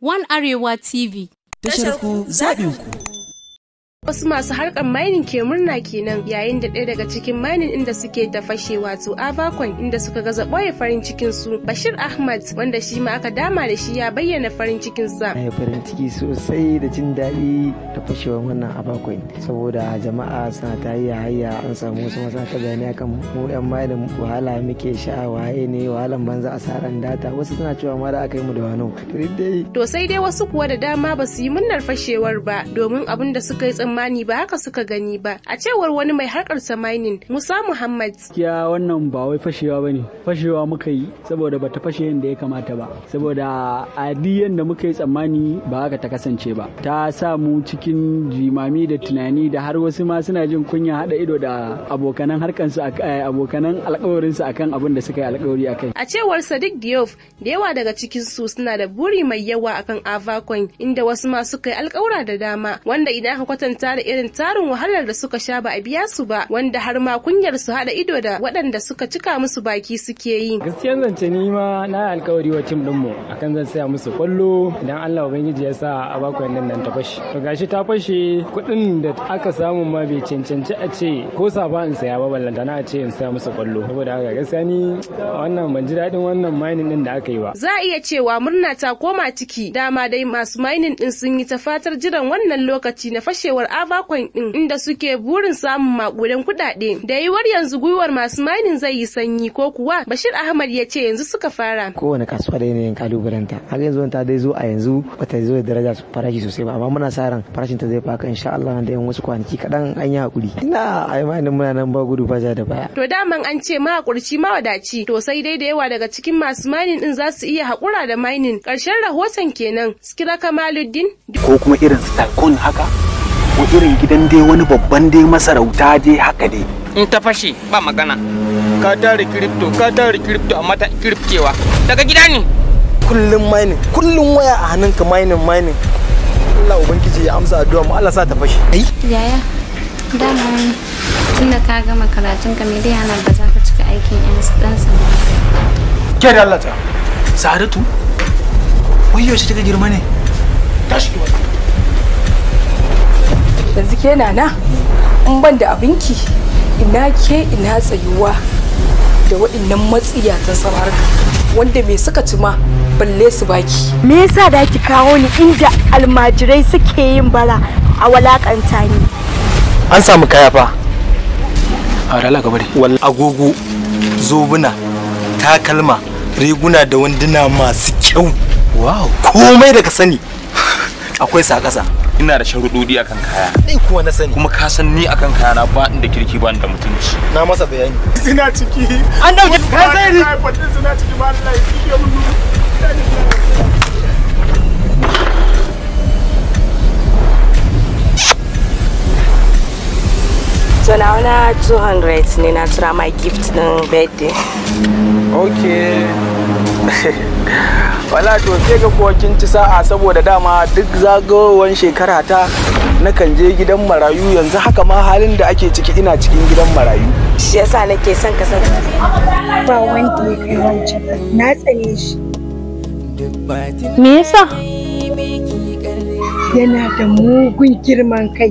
One Arewa TV. Tashar ku zaɓin ku. wasu masu harkar mining ke murna kenan yayin da ɗaya daga cikin mining inda suke da fashe wato abakon inda suka gaza ɓoye farin cikin su bashir ahmad wanda shi ma aka dama da shi ya bayyana farin cikin sa ai farin ciki sosai da jin daɗi da fashewar wannan abakon saboda jama'a suna ta yi hayya an samu wasu masu ta bayani akan mu yan mining wahala muke sha'awa waye ne wahalan banza asaran data wasu suna cewa ma da aka yi mu da wano to sai dai wasu kuwa da dama ba su yi munnar fashewar ba domin abin da suka yi tsammani imani ba haka suka gani ba a cewar wani mai harkar samanin musa muhammad ya wannan ba wai fashewa ba ne fashewa muka yi saboda ba ta fashe yadda ya kamata ba saboda a da muka yi tsammani ba haka ta kasance ba ta sa mu cikin jimami da tunani da har wasu ma suna jin kunya hada ido da abokanan harkansu eh, abokanan alkawarinsu akan abin da suka yi alkawari akai a cewar sadiq diof da yawa daga cikin su suna da buri mai yawa akan avacoin inda wasu ma suka yi alkawura da dama wanda idan ka kwatanta manta da irin tarin wahalar da suka sha ba a biya su ba wanda har ma kunyar su haɗa ido da waɗanda suka cika musu baki suke yi. Gaskiyan zance ni ma na alkawari wa tim ɗinmu akan zan saya musu kwallo idan Allah Ubangiji ya sa a baku yandan nan ta fashe. To gashi ta fashe kuɗin da aka samu ma bai cancanci a ce ko saba in saya ba ballanta na a ce in saya musu kwallo. Saboda haka gaskiya ni wannan ban ji daɗin wannan mining ɗin da aka yi ba. Za a iya cewa murna ta koma ciki dama dai masu mining ɗin sun yi ta fatar jiran wannan lokaci na fashewar bakon din inda suke burin samun maƙudan kudade, Da yiwuwar yanzu gwiwar masu mining zai yi sanyi ko kuwa Bashir Ahmad ya ce yanzu suka fara. Kowane kasuwa da yanayin ta Har yanzu ta dai zo a yanzu bata zo da daraja farashi sosai ba amma muna sa ran farashin ta zai faka insha Allah da yan wasu kwanaki kaɗan an yi hakuri. Ina ai mining muna nan ba gudu ba da baya. To daman an ce mahakurci mawadaci to sai dai da yawa daga cikin masu mining din za su iya haƙura da mining. karshen rahoton kenan. Sikira Kamaluddin. Ko kuma irin stakon haka. ko irin gidan dai wani babban dai masarauta dai haka dai in ta fashe ba magana ka tare crypto ka tare crypto amma ta kirfkewa daga gida ne kullum mining kullum waya a hannunka mining mining Allah ubangiji ya amsa addu'a mu Allah sa ta fashe ai yaya dama tunda ka gama karatun ka me dai yana ba za ka cika aikin yan dan sama ke da Allah ta Sadatu wai shi kika girma ne tashi ki wani. yanzu ke na, in ban da abinki ina ke ina tsayuwa da waɗannan matsiya ta samar wanda me suka ci ma balle su baki me yasa da ki kawo ni inda almajirai suke yin bara a walakanta ni an samu kaya fa a rala agogo zobuna takalma riguna da wanduna masu kyau wow komai da ka sani akwai sa kasa ina da sharuɗoɗi akan kaya ni kuwa na sani kuma ka san ni akan kaya na ba inda kirki ba inda mutunci na masa bayani zina ciki an dauke ka sai ni zina ciki ba Allah ya kike mun So now na 200 ne na tura my gift din birthday. Okay. wala to sai ga kuwa kin ci sa'a saboda dama duk zagawowar shekara ta kan je gidan marayu yanzu haka ma halin da ake ciki ina cikin gidan marayu shi yasa nake son ka san ba wanda ya kai wancan na tsane shi me yasa yana da mugun girman kai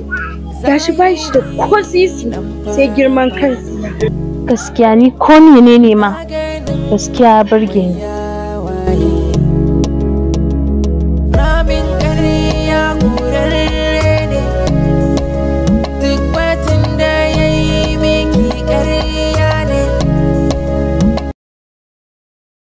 shi ba shi da ko sisi sai girman kansa gaskiya ni ko menene ma gaskiya burge ni Bye.